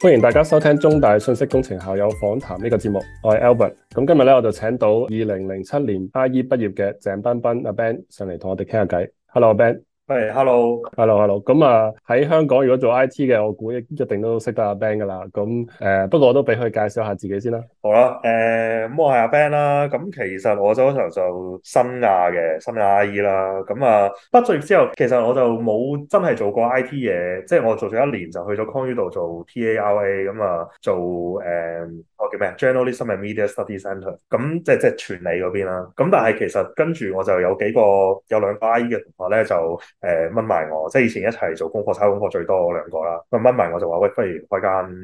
歡迎大家收聽中大信息工程校友訪談呢個節目，我係 Albert，咁今日呢，我就請到二零零七年 IE 畢業嘅鄭斌彬阿 Ben 上嚟同我哋傾下偈，Hello 阿 Ben。係，hello，hello，hello。咁啊，喺香港如果做 I T 嘅，我估一定都識得阿 Ben 噶啦。咁誒，不過我都俾佢介紹下自己先啦。好啦，誒、呃，咁我係阿 Ben 啦、啊。咁其實我走嗰時候就新亞嘅新亞 IE 啦。咁啊，畢咗業之後，其實我就冇真係做過 I T 嘢，即、就、係、是、我做咗一年就去咗 Conduit 做 T A R A、嗯。咁啊，做誒。嗯個叫咩？Journalism Media Study Centre，咁即即傳理嗰邊啦。咁但係其實跟住我就有幾個有兩個 IE 嘅同學咧，就誒、呃、掹埋我，即係以前一齊做功課、抄功課最多兩個啦。咁掹埋我，我就話：喂，不如開間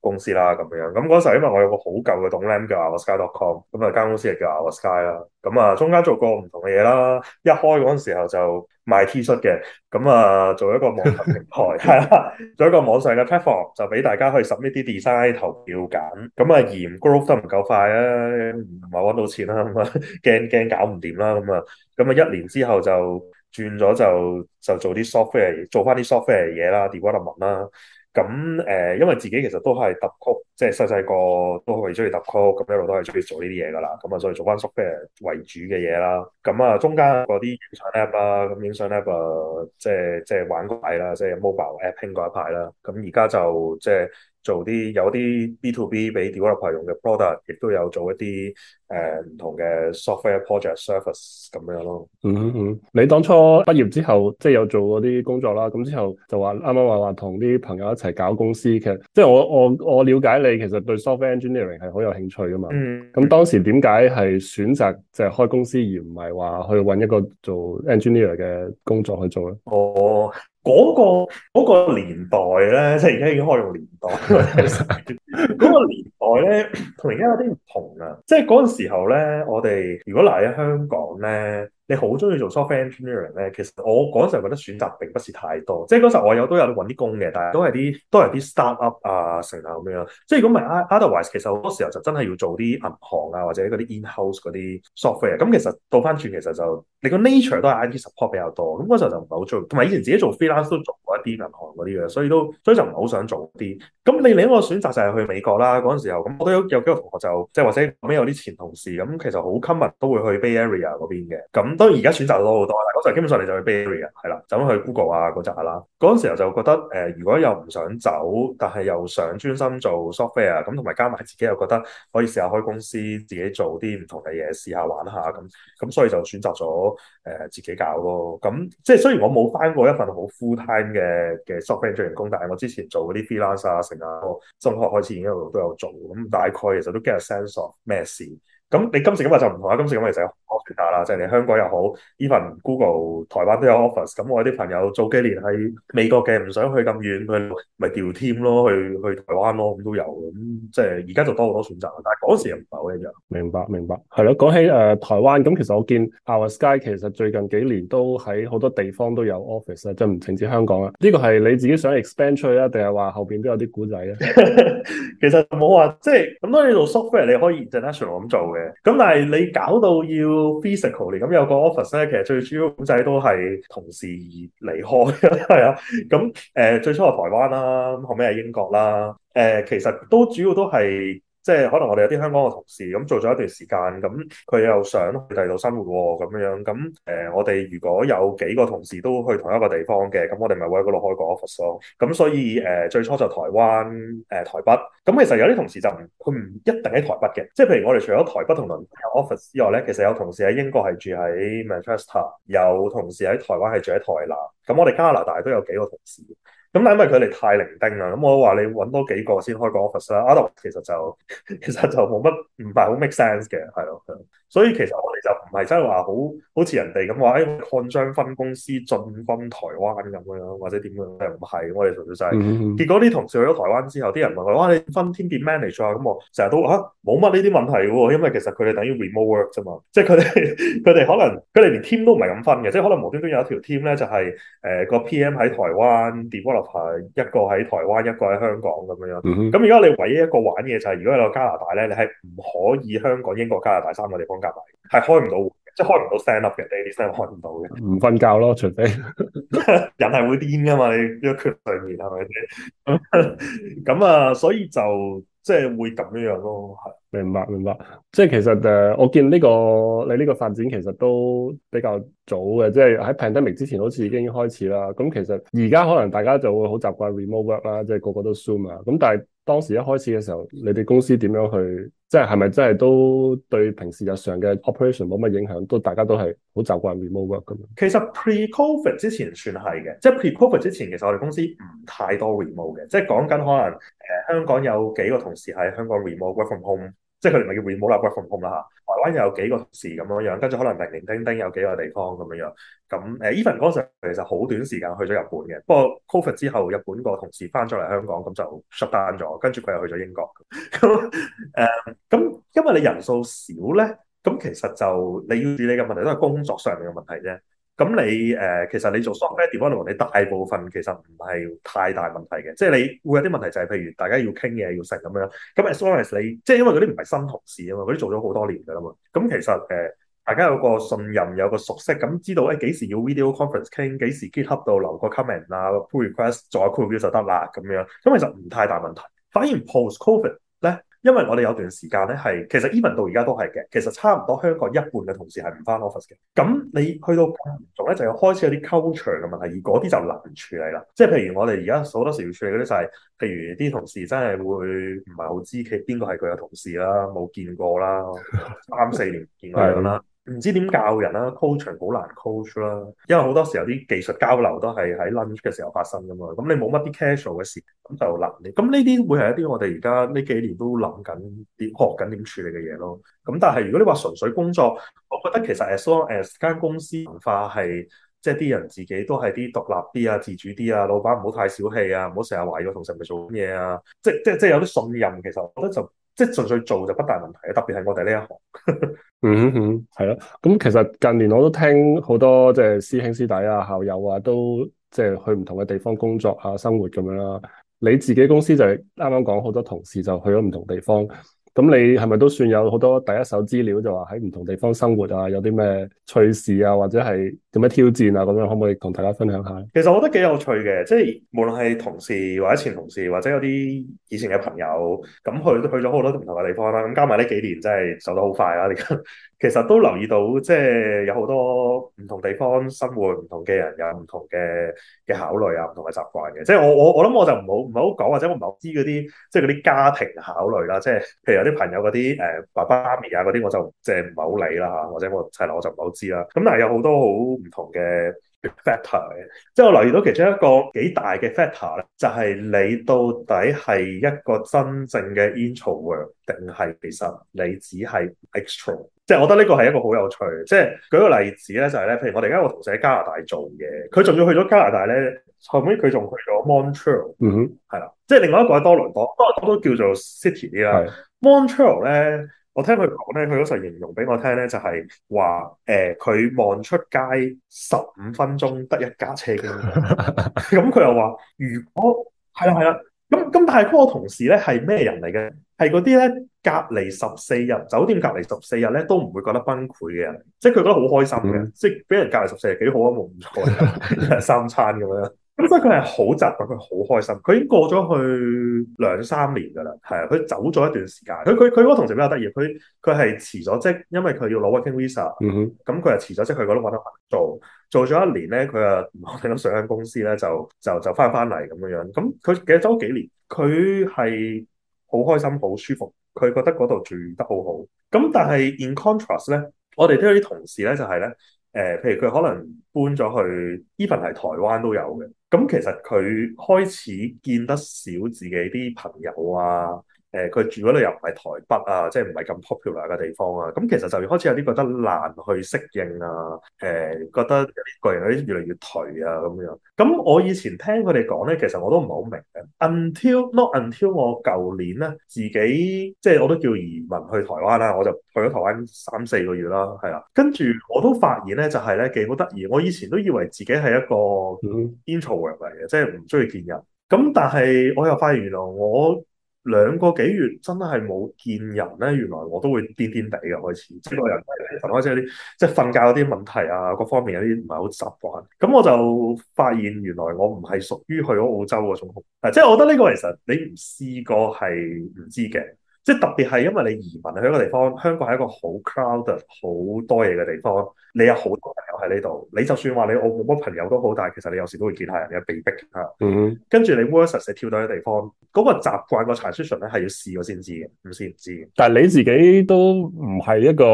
公司啦咁樣。咁嗰時候因為我有個好舊嘅 domain 叫 oursky.com，咁啊間公司就叫 OurSky 啦。咁啊，中間做過唔同嘅嘢啦，一開嗰陣時候就賣 T 恤嘅，咁啊做一個網群平台，係啦，做一個網, 一個網上嘅 platform 就俾大家 submit 啲 design 投票揀，咁啊嫌 growth 得唔夠快啊，唔係搵到錢啦，咁啊驚驚搞唔掂啦，咁、嗯、啊，咁、嗯、啊一年之後就轉咗就就做啲 software，做翻啲 software 嘢啦，development 啦。咁誒、呃，因為自己其實都係揼曲，即係細細個都係中意揼曲，咁一路都係中意做呢啲嘢噶啦。咁啊，所以做翻 software 為主嘅嘢啦。咁啊，中間嗰啲影相 app 啦、啊，咁影相 app、啊、即係即係玩過一排啦，即係 mobile apping 嗰一排啦。咁而家就即係。做啲有啲 B to B 俾 developer 用嘅 product，亦都有做一啲誒唔同嘅 software project service 咁樣咯。嗯嗯嗯。你當初畢業之後，即係有做嗰啲工作啦。咁之後就話啱啱話話同啲朋友一齊搞公司嘅。即係我我我瞭解你其實對 software engineering 係好有興趣噶嘛。嗯。咁當時點解係選擇即係開公司而唔係話去揾一個做 engineer 嘅工作去做咧？我、哦。嗰個年代咧，即係而家已經可用年代， 嗰 個年代咧，同而家有啲唔同啊。即係嗰陣時候咧，我哋如果嚟喺香港咧，你好中意做 software engineering 咧，其實我嗰陣時候覺得選擇並不是太多。即係嗰陣時候我有都有啲揾啲工嘅，但係都係啲都係啲 startup 啊、成啊咁樣。即係如果唔係 otherwise 其實好多時候就真係要做啲銀行啊或者嗰啲 in-house 嗰啲 software。咁其實倒翻轉，其實就你個 nature 都係 IT support 比較多。咁嗰時候就唔係好中意，同埋以前自己做 freelance 都做過一啲銀行嗰啲嘅，所以都所以就唔係好想做啲。咁你另一個選擇就係去。去美國啦，嗰陣時候咁我都有幾個同學就即係或者後尾有啲前同事咁，其實好 common 都會去 Bay Area 嗰邊嘅。咁當然而家選擇咗好多啦。嗰陣基本上你就去 Bay Area 係啦，就去 Google 啊嗰集啦。嗰陣時候就覺得誒、呃，如果又唔想走，但係又想專心做 software 咁，同埋加埋自己又覺得可以試下開公司，自己做啲唔同嘅嘢試，試玩下玩下咁。咁所以就選擇咗誒、呃、自己搞咯。咁即係雖然我冇返過一份好 full time 嘅嘅 software 做員工，但係我之前做嗰啲 freelance 啊，成日中學開始一路都有做，咁大概其實都 get sense of 咩事。咁你今時今日就唔同啦，今時今日就多選擇啦，即係你香港又好，even Google、Google，台灣都有 office。咁我啲朋友早幾年喺美國嘅，唔想去咁遠，去咪調 team 咯，去去台灣咯，咁都有。咁即係而家就多好多選擇啦。但係嗰時又唔係好一樣。明白，明白，係咯。講起誒、呃、台灣，咁其實我見 OurSky 其實最近幾年都喺好多地方都有 office 啦，即係唔淨止香港啦。呢個係你自己想 expand 出去啊，定係話後邊都有啲古仔咧？ 其實冇話即係咁，多你做 software 你可以 international 咁做嘅。咁但係你搞到要 physical，咁有個 office 咧，其實最主要古仔都係同事而離開，係啊，咁 誒、呃、最初係台灣啦，後尾係英國啦，誒、呃、其實都主要都係。即係可能我哋有啲香港嘅同事咁做咗一段時間，咁佢又想去第度生活喎、哦，咁樣樣咁誒、呃，我哋如果有幾個同事都去同一個地方嘅，咁我哋咪喺嗰度開個 office 咯。咁所以誒、呃，最初就台灣誒、呃、台北。咁其實有啲同事就唔佢唔一定喺台北嘅，即係譬如我哋除咗台北同倫敦 office 之外咧，其實有同事喺英國係住喺 Manchester，有同事喺台灣係住喺台南。咁我哋加拿大都有幾個同事。咁但因為佢哋太零丁啦，咁我話你揾多幾個先開個 office 啦，啊，其實就其實就冇乜唔係好 make sense 嘅，係咯，係咯。所以其實我哋就唔係真係話好好似人哋咁話，誒、欸、擴張分公司進軍台灣咁樣，或者點樣咧？唔係，我哋純粹就係、是 mm hmm. 結果啲同事去咗台灣之後，啲人問我話你分 team 點 manage 啊？咁我成日都話冇乜呢啲問題喎，因為其實佢哋等於 remote work 啫嘛，即係佢哋佢哋可能佢哋連 team 都唔係咁分嘅，即係可能無端端有一條 team 咧就係、是、誒、呃個 PM 喺台灣，developer 一個喺台灣，一個喺香港咁樣。咁而家你唯一一個玩嘅就係、是、如果喺加拿大咧，你係唔可以香港、英國、加拿大三個地方。係開唔到，即係開唔到 set up 嘅你 daily 開唔到嘅，唔瞓覺咯，除 非 人係會癲噶嘛，你一缺睡眠係咪咁啊？所以就即係會咁樣樣咯，係明白明白。即係其實誒，uh, 我見呢、這個你呢個發展其實都比較早嘅，即係喺 pandemic 之前好似已經開始啦。咁其實而家可能大家就會好習慣 remote work 啦，即係個個都 zoom 啊。咁但係當時一開始嘅時候，你哋公司點樣去？即係係咪真係都對平時日常嘅 operation 冇乜影響？都大家都係好習慣 remote 咁。其實 pre-covid 之前算係嘅，即係 pre-covid 之前其實我哋公司唔太多 remote 嘅，即係講緊可能誒、呃、香港有幾個同事喺香港 remote work from home，即係佢哋咪叫 remote 啦，work from home 啦嚇。台灣有幾個同事咁樣樣，跟住可能零零丁丁有幾個地方咁樣樣。咁誒，Even 嗰陣其實好短時間去咗日本嘅。不過 COVID 之後，日本個同事翻咗嚟香港，咁就 shut down 咗。跟住佢又去咗英國。咁 誒、嗯，咁因為你人數少咧，咁其實就你要處理嘅問題都係工作上面嘅問題啫。咁你誒、呃，其實你做 software development 你大部分其實唔係太大問題嘅。即係你會有啲問題、就是，就係譬如大家要傾嘢要食咁樣。咁 especially 你，即係因為嗰啲唔係新同事啊嘛，嗰啲做咗好多年㗎嘛。咁其實誒、呃，大家有個信任，有個熟悉，咁、嗯、知道誒幾、哎、時要 video conference 傾，幾時 GitHub 度留個 comment 啊，pull request 再 pull back 就得啦咁樣。咁其實唔太大問題。反而 post COVID 咧。CO VID，呢因為我哋有段時間咧，係其實 even 到而家都係嘅，其實差唔多香港一半嘅同事係唔返 office 嘅。咁你去到咁唔同咧，就要開始有啲 culture 嘅問題，而嗰啲就難處理啦。即係譬如我哋而家好多時要處理嗰啲就係，譬如啲同事真係會唔係好知佢邊個係佢嘅同事啦，冇見過啦，三四年唔見面啦。 嗯唔知點教人啦，coaching 好難 coach 啦，因為好多時候啲技術交流都係喺 lunch 嘅時候發生噶嘛，咁你冇乜啲 casual 嘅事，咁就難啲。咁呢啲會係一啲我哋而家呢幾年都諗緊、點學緊點處理嘅嘢咯。咁但係如果你話純粹工作，我覺得其實 as long as 間公司文化係，即係啲人自己都係啲獨立啲啊、自主啲啊，老闆唔好太小氣啊，唔好成日話要同事咪做緊嘢啊，即即即有啲信任，其實我覺得就。即係純粹做就不大問題，特別係我哋呢一行，嗯 哼、mm，係、hmm，咯。咁其實近年我都聽好多即係師兄師弟啊、校友啊，都即係去唔同嘅地方工作啊、生活咁樣啦。你自己公司就係啱啱講，好多同事就去咗唔同地方。咁你係咪都算有好多第一手資料？就話喺唔同地方生活啊，有啲咩趣事啊，或者係點樣挑戰啊，咁樣可唔可以同大家分享下？其實我覺得幾有趣嘅，即係無論係同事或者前同事，或者有啲以前嘅朋友，咁去都去咗好多唔同嘅地方啦。咁加埋呢幾年真係走得好快啦。 其實都留意到，即係有好多唔同地方生活，唔同嘅人有唔同嘅嘅考慮啊，唔同嘅習慣嘅。即係我我我諗我就唔好唔係好講，或者我唔係好知嗰啲，即係啲家庭考慮啦。即係譬如有啲朋友嗰啲誒爸爸媽咪啊嗰啲，我就即係唔係好理啦嚇，或者我睇嚟我就唔係好知啦。咁但係有好多好唔同嘅。factor 嘅，即係我留意到其中一個幾大嘅 factor 咧，就係你到底係一個真正嘅 introvert 定係其實你只係 extra，即係我覺得呢個係一個好有趣，即係舉個例子咧，就係、是、咧，譬如我哋而家個同事喺加拿大做嘢，佢仲要去咗加拿大咧，後尾佢仲去咗 Montreal，嗯哼、mm，係、hmm. 啦，即係另外一個喺多倫多，多倫多都叫做 city 啦，Montreal 咧。Hmm. Mont 我聽佢講咧，佢嗰時形容俾我聽咧，就係、是、話，誒、呃，佢望出街十五分鐘得一架車嘅，咁佢 又話，如果係啦係啦，咁咁但係嗰個同事咧係咩人嚟嘅？係嗰啲咧隔離十四日，酒店隔離十四日咧都唔會覺得崩潰嘅人，即係佢覺得好開心嘅， 即係俾人隔離十四日幾好啊，冇唔錯， 一日三餐咁樣。咁所以佢係好習慣，佢好開心。佢已經過咗去兩三年㗎啦，係啊，佢走咗一段時間。佢佢佢嗰個同事比較得意，佢佢係辭咗職，因為佢要攞 working visa。嗯哼。咁佢係辭咗職，佢覺得冇得做，做咗一年咧，佢啊諗上間公司咧，就就就翻翻嚟咁樣。咁佢其實走咗幾年，佢係好開心、好舒服，佢覺得嗰度住得好好。咁但係 in contrast 咧，我哋都有啲同事咧、就係，就係咧。誒、呃，譬如佢可能搬咗去，even 係台灣都有嘅，咁其實佢開始見得少自己啲朋友啊。誒佢、呃、住嗰度又唔係台北啊，即係唔係咁 popular 嘅地方啊，咁、嗯、其實就開始有啲覺得難去適應啊，誒、呃、覺得個人有啲越嚟越頹啊咁樣。咁、嗯、我以前聽佢哋講咧，其實我都唔係好明嘅。Until not until 我舊年咧自己即係我都叫移民去台灣啦、啊，我就去咗台灣三四個月啦，係啦。跟住我都發現咧，就係咧幾好得意。我以前都以為自己係一個 introvert 嚟嘅，即係唔需意見人，唔鍾意見人。咁、嗯、但係我又發現原來我。兩個幾月真係冇見人咧，原來我都會癲癲地嘅，開始，即係人開始有啲即係瞓覺有啲問題啊，各方面有啲唔係好習慣，咁我就發現原來我唔係屬於去咗澳洲嗰種，啊，即係我覺得呢個其實你唔試過係唔知嘅，即係特別係因為你移民去一個地方，香港係一個好 crowded 好多嘢嘅地方，你有好多。喺呢度，你就算話你我冇乜朋友都好，但係其實你有時都會見下人嘅被迫嚇。嗯，跟住你 versus 跳到啲地方，嗰個習慣個 transition 咧係要試過先知嘅，先知嘅。但係你自己都唔係一個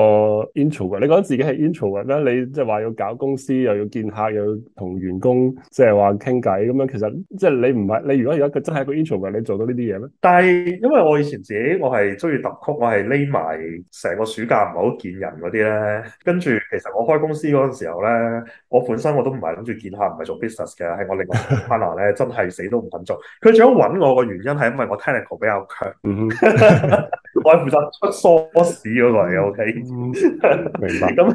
intro 嘅，你覺得自己係 intro 嘅，咁你即係話要搞公司又要見客，又要同員工即係話傾偈咁樣，其實即係你唔係你如果而家佢真係一個 intro 嘅，你做到呢啲嘢咩？但係因為我以前自己我係中意揼曲，我係匿埋成個暑假唔係好見人嗰啲咧。跟住其實我開公司嗰陣時候。咧，我本身我都唔係諗住見客，唔係做 business 嘅，係我另外 partner 咧，真係死都唔肯做。佢仲想揾我嘅原因係因為我 technical 比較強， 我係負責出 source 嗰個嚟嘅。O、okay? K，明白。咁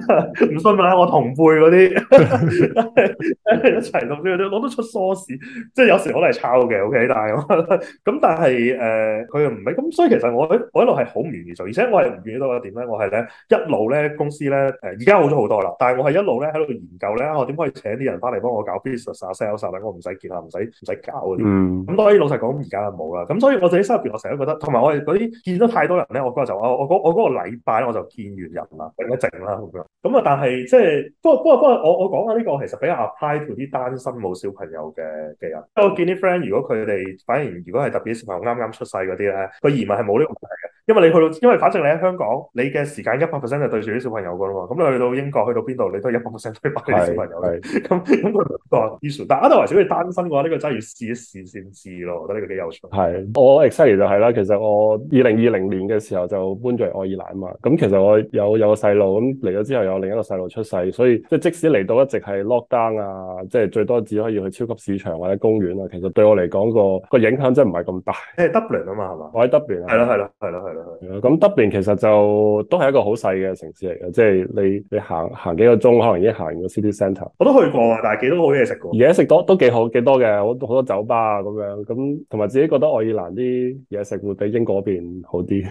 唔 信問下我同輩嗰啲 一齊咁啲攞得出 source，即係有時我都係抄嘅。O、okay? K，但係咁，但係誒，佢又唔係。咁所以其實我我一路係好唔願意做，而且我係唔願意多咗點咧。我係咧一路咧公司咧誒，而家好咗好多啦。但係我係一路咧。喺度研究咧，我點可以請啲人翻嚟幫我搞 business 啊、sales 啊，等我唔使見啊、唔使唔使搞嗰啲。咁當然老實講，而家就冇啦。咁所以我哋喺心入邊，我成日都覺得，同埋我哋啲見咗太多人咧，我嗰日就我我我嗰個禮拜我就見完人啦，揾得靜啦咁樣。咁啊，但係即係，不過不過不過，我我講下呢個，其實比較 apply to 啲單身冇小朋友嘅嘅人。因我見啲 friend，如果佢哋反而如果係特別小朋友啱啱出世嗰啲咧，佢移民係冇呢個問題嘅。因為你去到，因為反正你喺香港，你嘅時間一百 percent 就對住啲小朋友噶啦嘛。咁你去到英國，去到邊度，你都一百 percent 對小朋友。咁咁佢話，但係啊，但係如果你單身嘅話，呢個真係要試一試先知咯。我覺得呢個幾有趣。係，我 exciting 就係啦。其實我二零二零年嘅時候就搬咗嚟愛爾蘭啊嘛。咁其實我有有細路，咁嚟咗之後有另一個細路出世，所以即係即使嚟到一直係 lockdown 啊，即係最多只可以去超級市場或者公園啊，其實對我嚟講個個影響真係唔係咁大。係 double 啊嘛，係嘛？我喺 double 啊。係啦的，係啦，係啦，咁得邊其實就都係一個好細嘅城市嚟嘅，即係你你行行幾個鐘，可能已經行到 city centre。我都去過啊，但係幾多好嘢食？而家食多都幾好，幾多嘅，好多酒吧啊咁樣。咁同埋自己覺得愛爾蘭啲嘢食會比英國嗰邊好啲，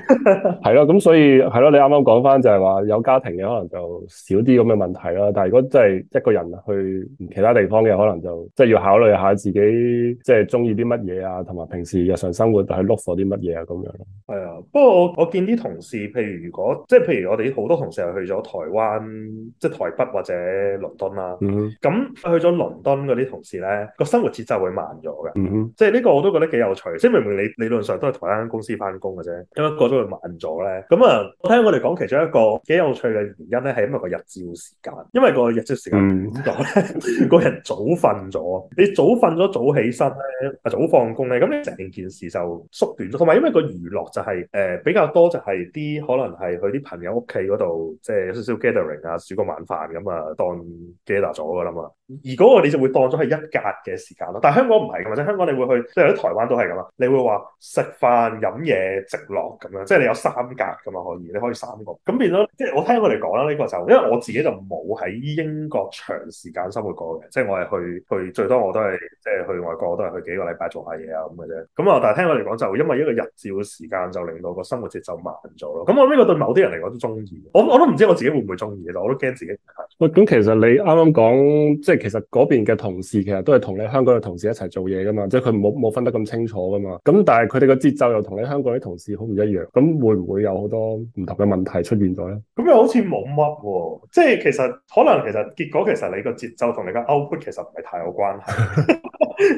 係咯。 咁所以係咯，你啱啱講翻就係話有家庭嘅可能就少啲咁嘅問題啦。但係如果真係一個人去其他地方嘅，可能就即係要考慮下自己即係中意啲乜嘢啊，同埋平時日常生活去 look for 啲乜嘢啊咁樣。係啊，不過。我我見啲同事，譬如如果即係譬如我哋好多同事又去咗台灣，即係台北或者倫敦啦。咁、mm hmm. 去咗倫敦嗰啲同事咧，個生活節奏會慢咗嘅。Mm hmm. 即係呢個我都覺得幾有趣。即係明明你理論上都係台灣公司翻工嘅啫，點解過咗會慢咗咧？咁啊，我聽我哋講其中一個幾有趣嘅原因咧，係因為個日照時間，因為個日照時間短咗咧，個、mm hmm. 人早瞓咗，你早瞓咗早起身咧，啊早放工咧，咁你成件事就縮短咗。同埋因為個娛樂就係、是、誒。呃比較多就係啲可能係去啲朋友屋企嗰度，即係有少少 gathering 啊，煮個晚飯咁啊，當 gather 咗噶啦嘛。而嗰個你就會當咗係一格嘅時間咯。但係香港唔係，或者香港你會去，即係喺台灣都係咁啊。你會話食飯飲嘢直落咁樣，即係你有三格咁啊，可以，你可以三個咁變咗。即係我聽我嚟講啦，呢個就因為我自己就冇喺英國長時間生活過嘅，即係我係去去最多我都係即係去外國我都係去幾個禮拜做下嘢啊咁嘅啫。咁啊，但係聽我嚟講就因為一個日照嘅時間就令到個生活節奏慢咗咯，咁我呢個對某啲人嚟講都中意，我我都唔知我自己會唔會中意，其實我都驚自己唔係。喂，咁其實你啱啱講，即係其實嗰邊嘅同事其實都係同你香港嘅同事一齊做嘢噶嘛，即係佢冇冇分得咁清楚噶嘛。咁但係佢哋嘅節奏又同你香港啲同事好唔一樣，咁會唔會有好多唔同嘅問題出現咗咧？咁又好似冇乜喎，即係其實可能其實結果其實你個節奏同你嘅 output 其實唔係太有關係。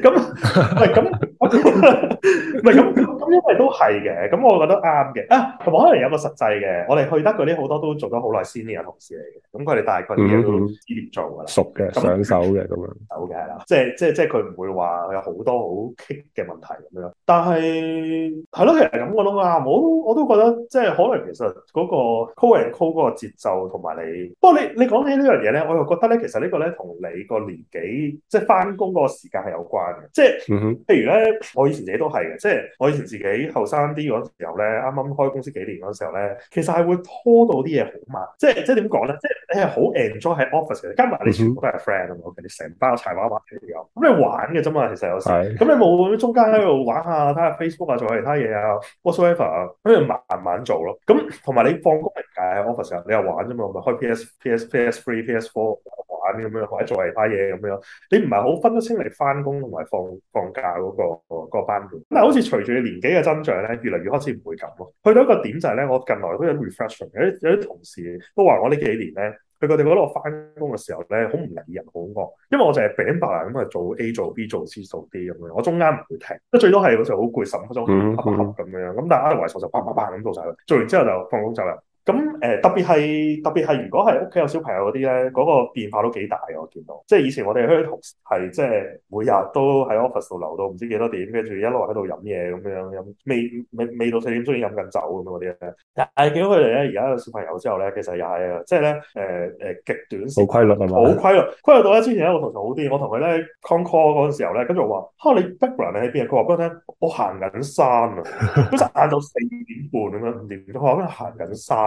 咁， 唔係咁，唔係咁。 嗯、因為都係嘅，咁我覺得啱嘅啊，同埋可能有個實際嘅，我哋去得嗰啲好多都做咗好耐 senior 嘅同事嚟嘅，咁佢哋大概都知點做㗎啦、嗯，熟嘅、嗯、上手嘅咁樣，熟嘅係啦，即係即係即係佢唔會話有好多好棘嘅問題咁樣，但係係咯，其實咁我諗啊，我都我都覺得即係可能其實嗰、嗰個 call and call 嗰個節奏同埋你，不過你你講起呢樣嘢咧，我又覺得咧其實呢個咧同你個年紀即係翻工嗰個時間係有關嘅，即係譬、嗯、哼如咧我以前自己都係嘅，即、就、係、是、我以前自己幾後生啲嗰時候咧，啱啱開公司幾年嗰時候咧，其實係會拖到啲嘢好慢，即係即係點講咧，即係你係好 enjoy 喺 office 嘅，今日你全部都係 friend 啊嘛，mm hmm. 你成包柴娃娃嚟游，咁你玩嘅啫嘛，其實有時，咁、mm hmm. 你冇中間喺度玩下，睇下 Facebook 啊，做下其他嘢啊，Whatsoever 啊，咁你慢慢做咯。咁同埋你放工嚟解喺 office 啊，你又玩啫嘛，咪開 PS、PS、PS Three、PS Four。咁樣或者做其他嘢咁樣，你唔係好分得清嚟翻工同埋放放假嗰個班別。但係好似隨住年紀嘅增長咧，越嚟越開始唔會咁咯。去到一個點就係、是、咧，我近來都有 reflection，有有啲同事都話我呢幾年咧，佢佢哋覺得我翻工嘅時候咧，好唔理人，好惡，因為我淨係餅白咁嚟做 A 做 B 做 C 做 D 咁樣，我中間唔會停，即最多係嗰時好攰，十五分鐘合合合咁樣，咁但係挨埋手就叭叭叭咁做曬啦，做完之後就放工走啦。咁誒特別係特別係，如果係屋企有小朋友嗰啲咧，嗰個變化都幾大嘅。我見到，即係以前我哋啲同事係即係每日都喺 office 度留到唔知幾多點，跟住一路喺度飲嘢咁樣飲，未未未到四點鐘已經飲緊酒咁樣嗰啲咧。但係見到佢哋咧，而家有小朋友之後咧，其實又係啊，即係咧誒誒極短好冇規律啊嘛，好規律，規律到咧之前咧我同佢好啲，我同佢咧 concall 嗰陣時候咧，跟住我話嚇你 background 喺邊？佢話嗰陣我行緊山啊，嗰陣晏到四點半咁樣，五點都我喺度行緊山，上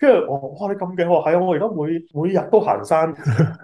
跟住我，哇！你咁勁，係啊，我而家每每日都行山，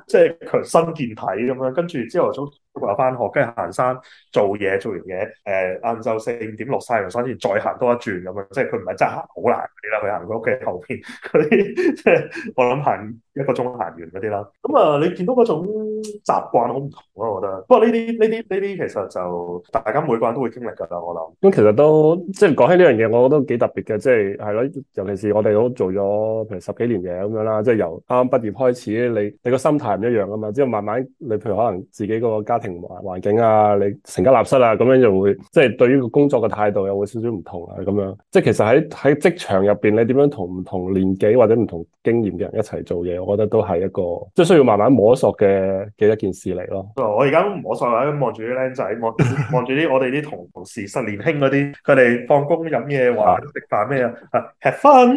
即係強身健體咁樣。跟住朝頭早話翻學，跟住行山做嘢，做完嘢誒，晏、呃、晝四五點落山，然之後再行多一轉咁樣。即係佢唔係真係好難嗰啲啦，佢行佢屋企後邊嗰啲，即係我諗行一個鐘行完嗰啲啦。咁、嗯、啊，你見到嗰種習慣好唔同咯、啊，我覺得。不過呢啲呢啲呢啲其實就大家每個人都會經歷㗎啦，我諗。咁其實都即係講起呢樣嘢，我覺得幾特別嘅，即係係咯，尤其是我哋都做咗。哦，譬如十幾年嘅咁樣啦，即係由啱啱畢業開始，你你個心態唔一樣噶嘛，之後慢慢你譬如可能自己嗰個家庭環環境啊，你成家立室啊，咁樣就會即係對於個工作嘅態度又會有少少唔同啊，咁樣，即係其實喺喺職場入邊，你點樣同唔同年紀或者唔同經驗嘅人一齊做嘢，我覺得都係一個即係需要慢慢摸索嘅嘅一件事嚟咯。我而家摸索啦，咁望住啲僆仔，望望住啲我哋啲同事，失 年輕嗰啲，佢哋放工飲嘢話食飯咩啊？啊，吃飯。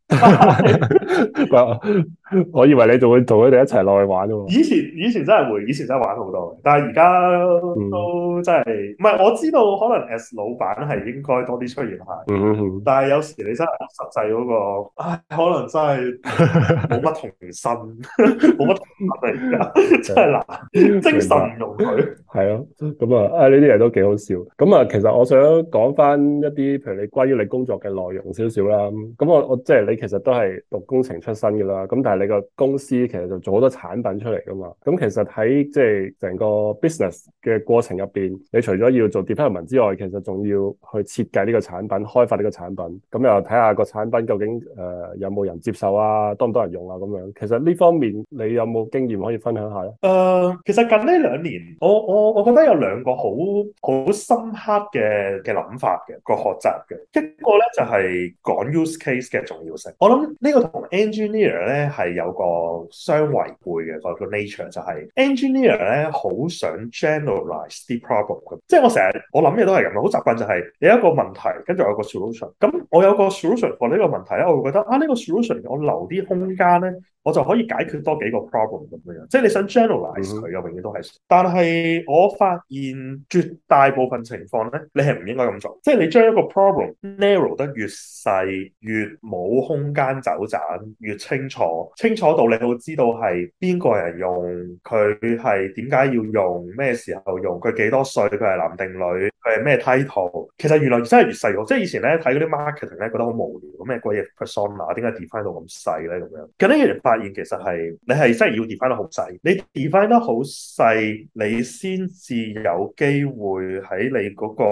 我以為你仲會同佢哋一齊落去玩㗎嘛？以前以前真係會，以前真係玩好多，但係而家都真係唔係。我知道可能 s 老闆係應該多啲出現下，但係有時你真係實際嗰、嗰個，唉，可能真係冇乜童心，冇乜乜啊！而家真係難， 白精神唔同佢係咯。咁明啊，呢啲嘢都幾好笑。咁啊，其實我想講翻一啲，譬如你關於你工作嘅內容少少啦。咁我我，我即係你。其實都係讀工程出身噶啦，咁但係你個公司其實就做好多產品出嚟噶嘛，咁、嗯、其實喺即係成個 business 嘅過程入邊，你除咗要做 development 之外，其實仲要去設計呢個產品、開發呢個產品，咁、嗯、又睇下個產品究竟誒、呃、有冇人接受啊，多唔多人用啊咁樣。其實呢方面你有冇經驗可以分享下咧？誒、呃，其實近呢兩年，我我我覺得有兩個好好深刻嘅嘅諗法嘅個學習嘅，一個咧就係、是、講 use case 嘅重要性。我諗呢個同 engineer 咧，係有個相違背嘅個種 nature，就係 engineer 咧好想 generalize 啲 problem，即係我成日我諗嘢都係咁，好習慣就係有一個問題，跟住有個 solution。咁我有個 solution，我呢個問題咧，我會覺得啊呢個 solution，我留啲空間咧。我就可以解決多幾個 problem 咁樣，即係你想 generalize 佢，又永遠都係。但係我發現絕大部分情況咧，你係唔應該咁做。即係你將一個 problem narrow 得越細，越冇空間走盞，越清楚。清楚到你會知道係邊個人用佢，係點解要用，咩時候用佢，幾多歲，佢係男定女，佢係咩 title。title，其實原來真係越細好。即係以前咧睇嗰啲 marketing 咧覺得好無聊咁，咩鬼嘢 persona 點解 define 到咁細咧，咁樣，近年發現其實係你係真係要 divide 得好細，你 divide 得好細，你先至有機會喺你嗰個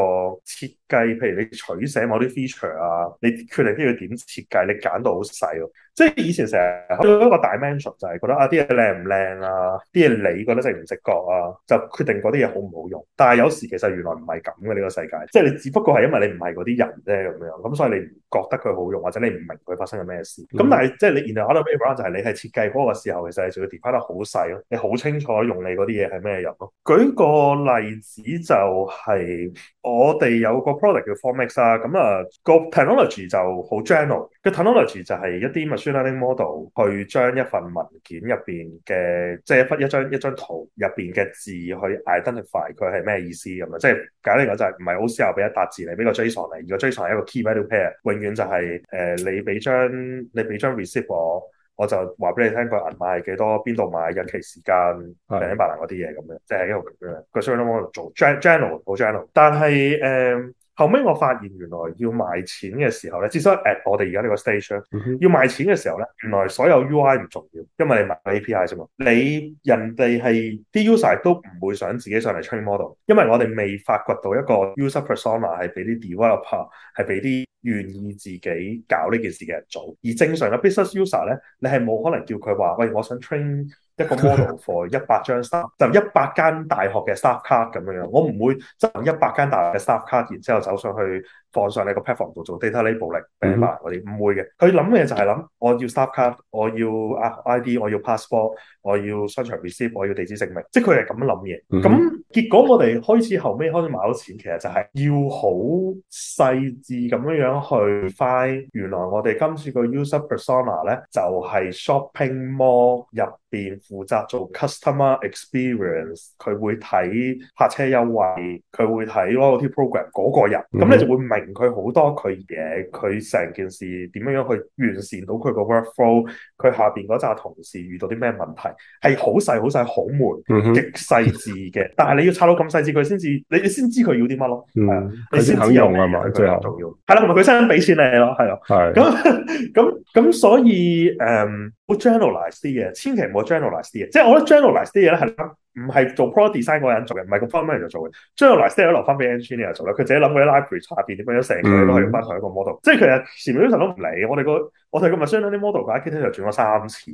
設計，譬如你取捨某啲 feature 啊，你決定要點設計，你揀到好細囉。即係以前成日做一個 dimension 就係覺得啊啲嘢靚唔靚啊，啲嘢、啊、你覺得值唔值覺啊，就決定嗰啲嘢好唔好用。但係有時其實原來唔係咁嘅呢個世界，即係你只不過係因為你唔係嗰啲人啫咁樣，咁所以你。覺得佢好用，或者你唔明佢發生緊咩事，咁、嗯、但係即係你原來可能 other way around 就係你係設計嗰個時候，其實就要 define 得好細咯，你好清楚用你嗰啲嘢係咩人咯。舉個例子就係、是、我哋有個 product 叫 Formex 啦、啊，咁啊個 technology 就好 general，個 technology 就係一啲 machine learning model 去將一份文件入邊嘅即係一一張一張圖入邊嘅字去 identify 佢係咩意思咁啊，即係、就是、簡單嚟講就係唔係好適合俾一沓字嚟，俾個 json 嚟，如果 json 係一個、個、個、個 key value pair，遠就係、是、誒、呃，你俾張你俾張 receipt 我，我就話俾你聽個銀碼係幾多，邊度買，日期時間，零零八八嗰啲嘢咁樣，即係一個咁樣。個 training o d l 做 g e n r n a l 但係誒、呃、後尾我發現原來要賣錢嘅時候咧，至少 at 我哋而家呢個 s t a t i o n 要賣錢嘅時候咧，原來所有 UI 唔重要，因為你賣 API 啫嘛。你人哋係啲 user 都唔會想自己上嚟 t r a i n model，因為我哋未發掘到一個 user persona 係俾啲 developer 係俾啲。願意自己搞呢件事嘅人做，而正常嘅 business user 咧，你係冇可能叫佢話：喂，我想 train 一個 model for 一百張 staff，就一百間大學嘅 staff card 咁樣樣。我唔會執一百間大學嘅 staff card，然之後走上去。放上你個 platform 房度做 data labeling 我哋唔、mm hmm. 會嘅，佢諗嘅就係諗我要 star card，我要 ID，我要 passport，我要商場 receipt，我要地址證明，即係佢係咁樣諗嘢。咁、mm hmm. 結果我哋開始後尾開始買咗錢，其實就係要好細緻咁樣樣去 find。原來我哋今次個 user persona 咧就係、是、shopping mall 入。便負責做 customer experience，佢會睇客車優惠，佢會睇嗰啲 program 嗰個人，咁你就會明佢好多佢嘅，佢成件事點樣樣去完善到佢個 workflow，佢下邊嗰紮同事遇到啲咩問題，係好細好細好悶，嗯、哼極細緻嘅。但係你要拆到咁細緻，佢先至你你先知佢要啲乜咯，你先、嗯、肯用吖嘛？最後仲要係啦，同埋佢先俾錢你咯，係咯，係咁咁咁，嗯、所以誒，journalize 啲嘢，千祈唔好。generalize 啲嘢，即係我覺得 generalize 啲嘢咧，係唔係做 product design 嗰個人做嘅，唔係個 form 咩人做嘅。generalize a 嘢都留翻俾 engineer 做啦，佢自己諗嗰啲 library 下邊點樣，成嘢都係咁翻同一個 model。即係佢啊前面啲人都唔理，我哋個我哋個 m 相 c 啲 model 喺機梯度轉咗三次，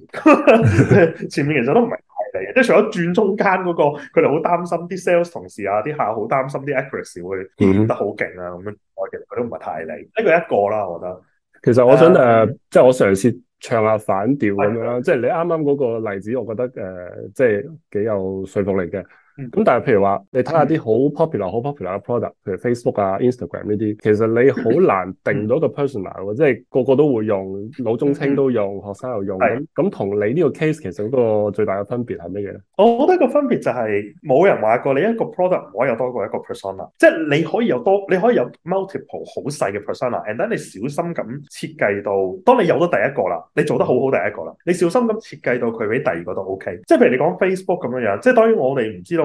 前面其實都唔係太理。即係除咗轉中間嗰個，佢哋好擔心啲 sales 同事啊，啲客好擔心啲 accuracy 會得好勁啊咁樣。其實佢都唔係太理。一個一個啦，我覺得。其實我想誒、呃，即係我嘗試。唱下反調咁樣啦，的即係你啱啱嗰個例子，我覺得誒、呃，即係幾有說服力嘅。咁、嗯、但係譬如話你睇下啲好 popular 好 popular 嘅 product，譬如 Facebook 啊、Instagram 呢啲，其實你好難定到個 persona，er, 嗯、即係個個都會用，老中青都用，學生又用，咁同、嗯、你呢個 case 其實嗰個最大嘅分別係乜嘢咧？我覺得個分別就係、是、冇人話過你一個 product 唔可以有多過一個 persona，即係你可以有多，你可以有 multiple 好細嘅 persona，and then 你小心咁設計到，當你有咗第一個啦，你做得好好第一個啦，你小心咁設計到佢俾第二個都 OK，即係譬如你講 Facebook 咁樣樣，即係當然我哋唔知道。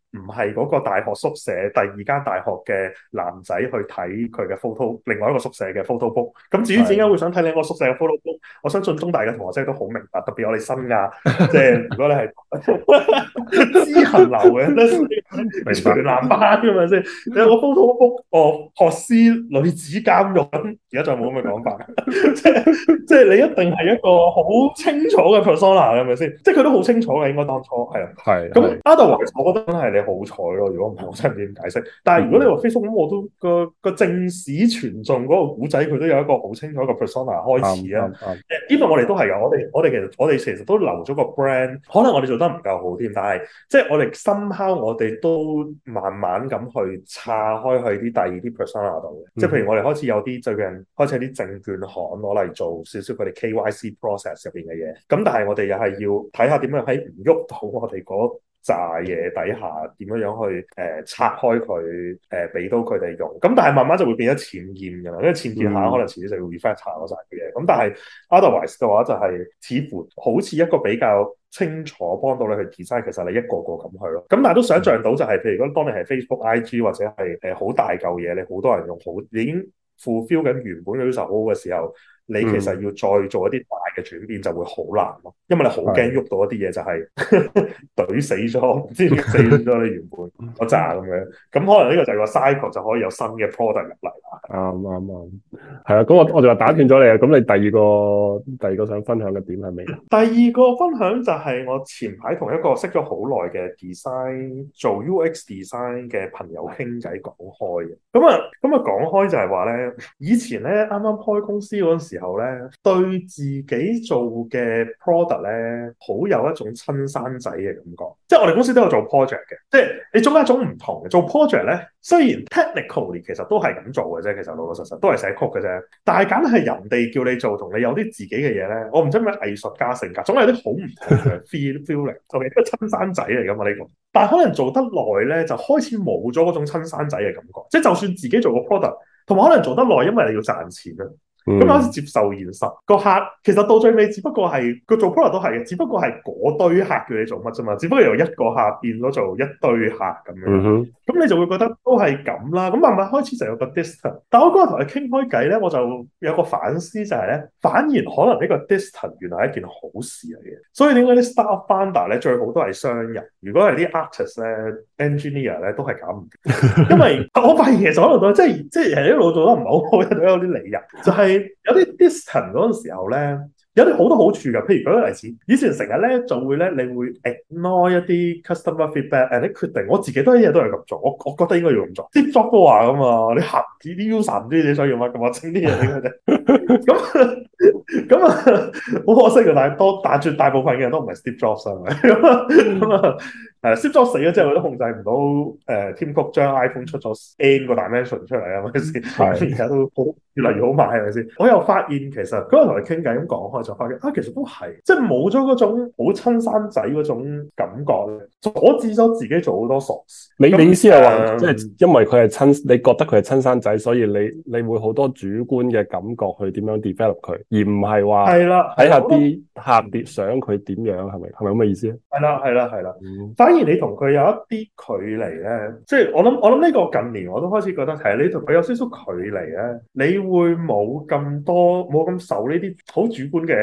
唔係嗰個大學宿舍第二間大學嘅男仔去睇佢嘅 photo，另外一個宿舍嘅 photo book。咁至於點解會想睇另一個宿舍嘅 photo book，我相信中大嘅同學仔都好明白。特別我哋新亞，即係如果你係資群流嘅，全男班咁係咪先？你有個 photo book，哦學師女子監獄，而家就冇咁嘅講法。即係即係你一定係一個好清楚嘅 persona，係咪先？即係佢都好清楚嘅，應該當初係啊。係。咁阿道華，其實我覺得係你。好彩咯！如果唔係，我真係唔知點解釋。但係如果你話 Facebook 咁，我都個個正史傳頌嗰個古仔，佢都有一個好清楚一個 persona 開始啊。嗯嗯嗯、因為我哋都係嘅，我哋我哋其實我哋其實都留咗個 brand，可能我哋做得唔夠好添，但係即係我哋深敲，我哋都慢慢咁去拆開去啲第二啲 persona 度嘅。即係譬如我哋開始有啲最近開始有啲證券行攞嚟做少少佢哋 KYC process 入邊嘅嘢。咁但係我哋又係要睇下點樣喺唔喐到我哋嗰。炸嘢底下點樣樣去誒、呃、拆開佢誒俾到佢哋用咁，但係慢慢就會變咗濰厭㗎嘛，因為濰厭下可能遲啲就會 effect 差咗曬嘅嘢。咁、嗯、但係 otherwise 嘅話就係、是、似乎好似一個比較清楚幫到你去 design，其實你一個個咁去咯。咁但係都想像到就係、是、譬如講當你係 Facebook、IG 或者係誒好大嚿嘢，你好多人用好已經 fulfill 緊原本嗰啲 set 好嘅時候。你其實要再做一啲大嘅轉變就會好難咯、啊，因為你好驚喐到一啲嘢就係、是、懟是的 死咗，唔知死咗你原本嗰扎咁樣。咁 可能呢個就係個 cycle 就可以有新嘅 product 入嚟啦。啱啱啱，係、嗯、啦。咁、嗯嗯、我我就話打斷咗你啊。咁你第二個第二個想分享嘅點係咩？第二個分享就係我前排同一個識咗好耐嘅 design 做 UX design 嘅朋友傾偈講開嘅。咁啊咁啊講開就係話咧，以前咧，啱啱開公司嗰陣時時候咧，對自己做嘅 product 咧，好有一種親生仔嘅感覺。即係我哋公司都有做 project 嘅，即係你做一種唔同嘅做 project 咧。雖然 technically，其實都係咁做嘅啫。其實老老實實都係寫曲嘅啫，但係揀係人哋叫你做，同你有啲自己嘅嘢咧。我唔知咩藝術家性格，總係有啲好唔同嘅 feel feeling。O K，一個親生仔嚟噶嘛呢個，但係可能做得耐咧，就開始冇咗嗰種親生仔嘅感覺。即係就算自己做個 product，同埋可能做得耐，因為你要賺錢啊。咁開始接受現實，個客其實到最尾只不過係個做 provider 都係嘅，只不過係嗰堆客叫你做乜啫嘛，只不過由一個客變咗做一堆客咁樣，咁、嗯、哼你就會覺得都係咁啦。咁慢慢開始就有個 distance，但我嗰日同佢傾開偈咧，我就有個反思就係、是、咧，反而可能呢個 distance 原來係一件好事嚟嘅。所以點解啲 startup founder 咧最好都係商人，如果係啲 artist 咧、engineer 咧都係搞唔掂。因為我發現其實可能都即係即係一路做得唔係好好，都有啲理人，就係、是。有啲 distance 嗰個時候咧，有啲好多好處㗎。譬如舉個例子，以前成日咧就會咧，你會 ignore 一啲 customer feedback，誒，你決定我自己都一嘢都係咁做，我我覺得應該要咁做。Steve Jobs 都話㗎嘛，你合啲 user 唔知你想用乜，咁我清啲嘢點嘅啫。咁咁啊，好可惜嘅，但係多但係絕大部分嘅人都唔係 Steve Jobs 啊、嗯、嘛。 誒 Apple 死咗之後，都控制唔到誒 TikTok 將 iPhone 出咗 N 個 dimension 出嚟啊，係咪先？而家都好越嚟越好賣，係咪先？我又發現其實嗰日同你傾偈咁講開，talk，就發現啊，其實都係即係冇咗嗰種好親生仔嗰種感覺，阻止咗自己做好多傻事。你、嗯、你意思係話，即係因為佢係親，你覺得佢係親生仔，所以你你會好多主觀嘅感覺去點樣 develop 佢，而唔係話係啦，睇下啲客碟想佢點樣，係咪係咪咁嘅意思啊？係啦，係啦，係啦， 反而你同佢有一啲距離咧，即、就、係、是、我諗我諗呢個近年我都開始覺得係你同佢有少少距離咧，你會冇咁多冇咁受呢啲好主觀嘅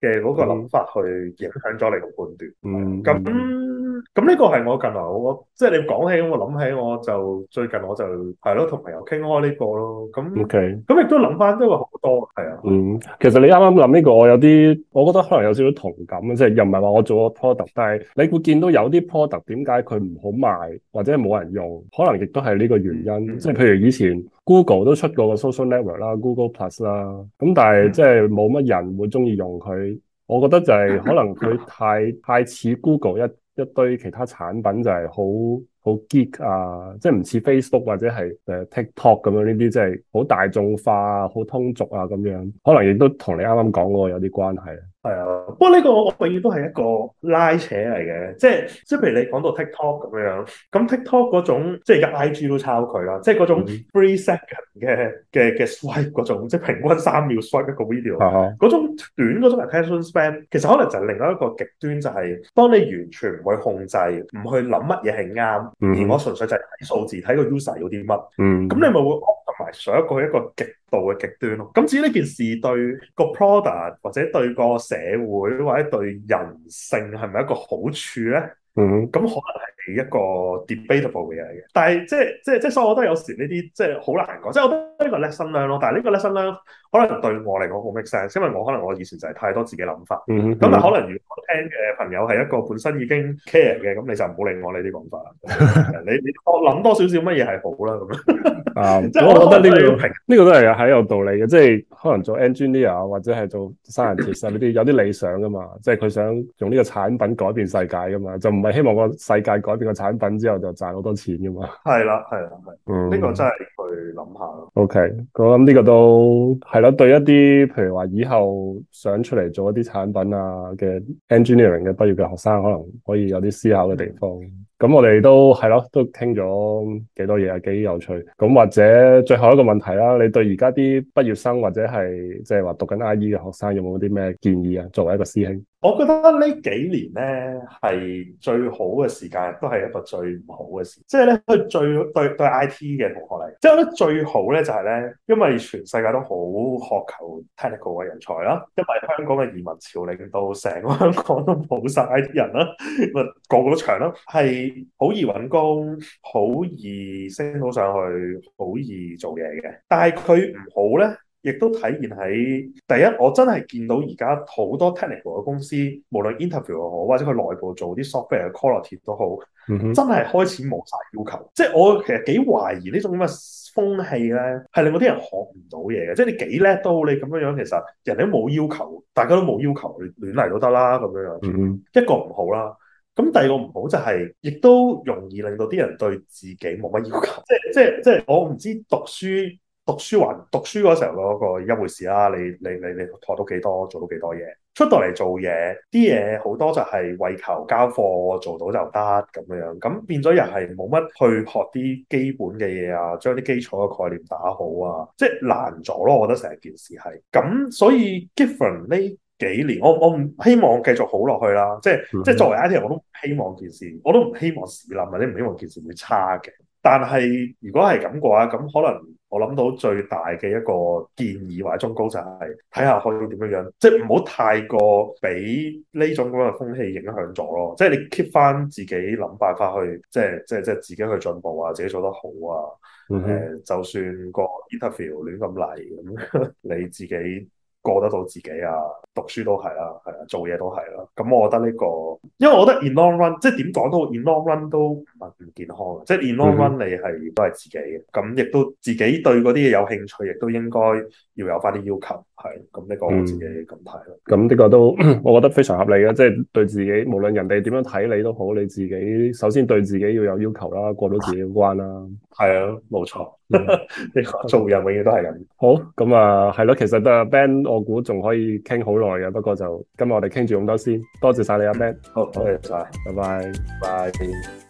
嘅嗰個諗法去影響咗你個判斷， 嗯，咁。咁呢個係我近來我即係你講起，我諗起我就最近我就係咯，同朋友傾開呢個咯。咁 OK，咁亦都諗翻都好多係啊。嗯，其實你啱啱諗呢個，我有啲我覺得可能有少少同感，即係又唔係話我做個 product，但係你會見到有啲 product 點解佢唔好賣或者冇人用，可能亦都係呢個原因。即係譬如以前 Google 都出過個 social network 啦、Google Plus 啦，咁但係即係冇乜人會中意用佢。我覺得就係可能佢太太似 Google 一一堆其他產品就係好好 geek 啊，即係唔似 Facebook 或者係 TikTok 咁樣呢啲，即係好大眾化、好通俗啊咁樣，可能亦都同你啱啱講嗰個有啲關係。係啊，不過呢個我永遠都係一個拉扯嚟嘅，即係即係譬如你講到 TikTok 咁樣，咁 TikTok 嗰種即係而家 IG 都抄佢啦，即係嗰種 three second 嘅嘅嘅 Swipe 嗰種，即係平均三秒 Swipe 一個 video，嗰、uh huh. 種短嗰種 attention span，其實可能就係另外一個極端，就係、是、當你完全唔會控制，唔去諗乜嘢係啱，uh huh. 而我純粹就係睇數字，睇個 user 有啲乜，咁、uh huh. 你咪會 combine 上一個一個極。道嘅極端咯，咁至於呢件事對個 product 或者對個社會或者對人性係咪一個好處咧？嗯，咁可能係。一個 debatable 嘅嘢嘅，但係即係即係即係，所以我覺得有時呢啲即係好難講。即係我呢、呢個 lesson 咯，但係呢個 lesson 咧，可能對我嚟講好 make sense，因為我可能我以前就係太多自己諗法。咁、mm hmm. 但可能如果聽嘅朋友係一個本身已經 care 嘅，咁你就唔好理我呢啲講法。 你你我諗多少少乜嘢係好啦咁啊。即係我覺得呢、呢個呢 個都係係有，有道理嘅。即係可能做 engineer 或者係做 scientist 呢啲有啲理想噶嘛，即係佢想用呢個產品改變世界噶嘛，就唔係希望個世界改。呢個產品之後就賺好多錢噶嘛？係啦，係啦，係。嗯，呢個真係去諗下。O K，我諗呢個都係咯，對一啲，譬如話以後想出嚟做一啲產品啊嘅 engineering 嘅畢業嘅學生，可能可以有啲思考嘅地方。咁、嗯、我哋都係咯，都傾咗幾多嘢啊，幾有趣。咁或者最後一個問題啦，你對而家啲畢業生或者係即係話讀緊 I E 嘅學生，有冇啲咩建議啊？作為一個師兄。我覺得呢幾年咧係最好嘅時間，都係一個最唔好嘅時間。即係咧，佢最對對 I T 嘅同學嚟，即覺得最好咧就係咧，因為全世界都好渴求 technical 嘅人才啦。因為香港嘅移民潮令到成個香港都冇晒 I T 人啦，咁咪個個都長啦，係好易揾工，好易升到上去，好易做嘢嘅。但係佢唔好咧。亦都體現喺第一，我真係見到而家好多 technical 嘅公司，無論 interview 又好，或者佢內部做啲 software 嘅 quality 都好，mm hmm. 真係開始冇晒要求。即係我其實幾懷疑呢種咁嘅風氣咧，係令到啲人學唔到嘢嘅。即係你幾叻都好，你咁樣樣其實人哋都冇要求，大家都冇要求，亂嚟都得啦咁樣樣。Mm hmm. 一個唔好啦，咁第二個唔好就係，亦都容易令到啲人對自己冇乜要求。即係即係即係，我唔知讀書。讀書還讀書嗰時候嗰、嗰個一回事啦、啊，你你你你學到幾多，做到幾多嘢，出到嚟做嘢啲嘢好多就係為求交貨做到就得咁樣，咁變咗又係冇乜去學啲基本嘅嘢啊，將啲基礎嘅概念打好啊，即係難咗咯，我覺得成件事係咁，所以 Giffen 呢幾年，我我唔希望繼續好落去啦，即係、嗯、即係作為 IT 我都希望件事，我都唔希望市冧啊，你唔希望件事會差嘅，但係如果係咁嘅話，咁可能。我諗到最大嘅一個建議或者忠告就係睇下可以點樣樣，即係唔好太過俾呢種咁嘅風氣影響咗咯。即係你 keep 翻自己諗辦法去，即係即係即係自己去進步啊，自己做得好啊。誒、嗯哼呃，就算個 interview 亂咁嚟咁，你自己。過得到自己啊，讀書都係啦、啊，係啊，做嘢都係啦、啊。咁我覺得呢個，因為我覺得 in long run，即係點講都 in long run 都唔係唔健康嘅。即係 in long run，你係都係自己嘅，咁亦都自己對嗰啲嘢有興趣，亦都應該。要有翻啲要求，係咁，呢個我自己咁睇啦。咁、嗯、呢、嗯嗯、個都我覺得非常合理嘅，即、就、係、是、對自己，無論人哋點樣睇你都好，你自己首先對自己要有要求啦，過到自己嘅關啦。係啊，冇錯，呢個做人永遠都係咁。 好，咁啊係咯，其實誒 Ben，我估仲可以傾好耐嘅，不過就今日我哋傾住咁多先，多謝晒你啊 Ben。Band 嗯、好，多謝晒，拜拜。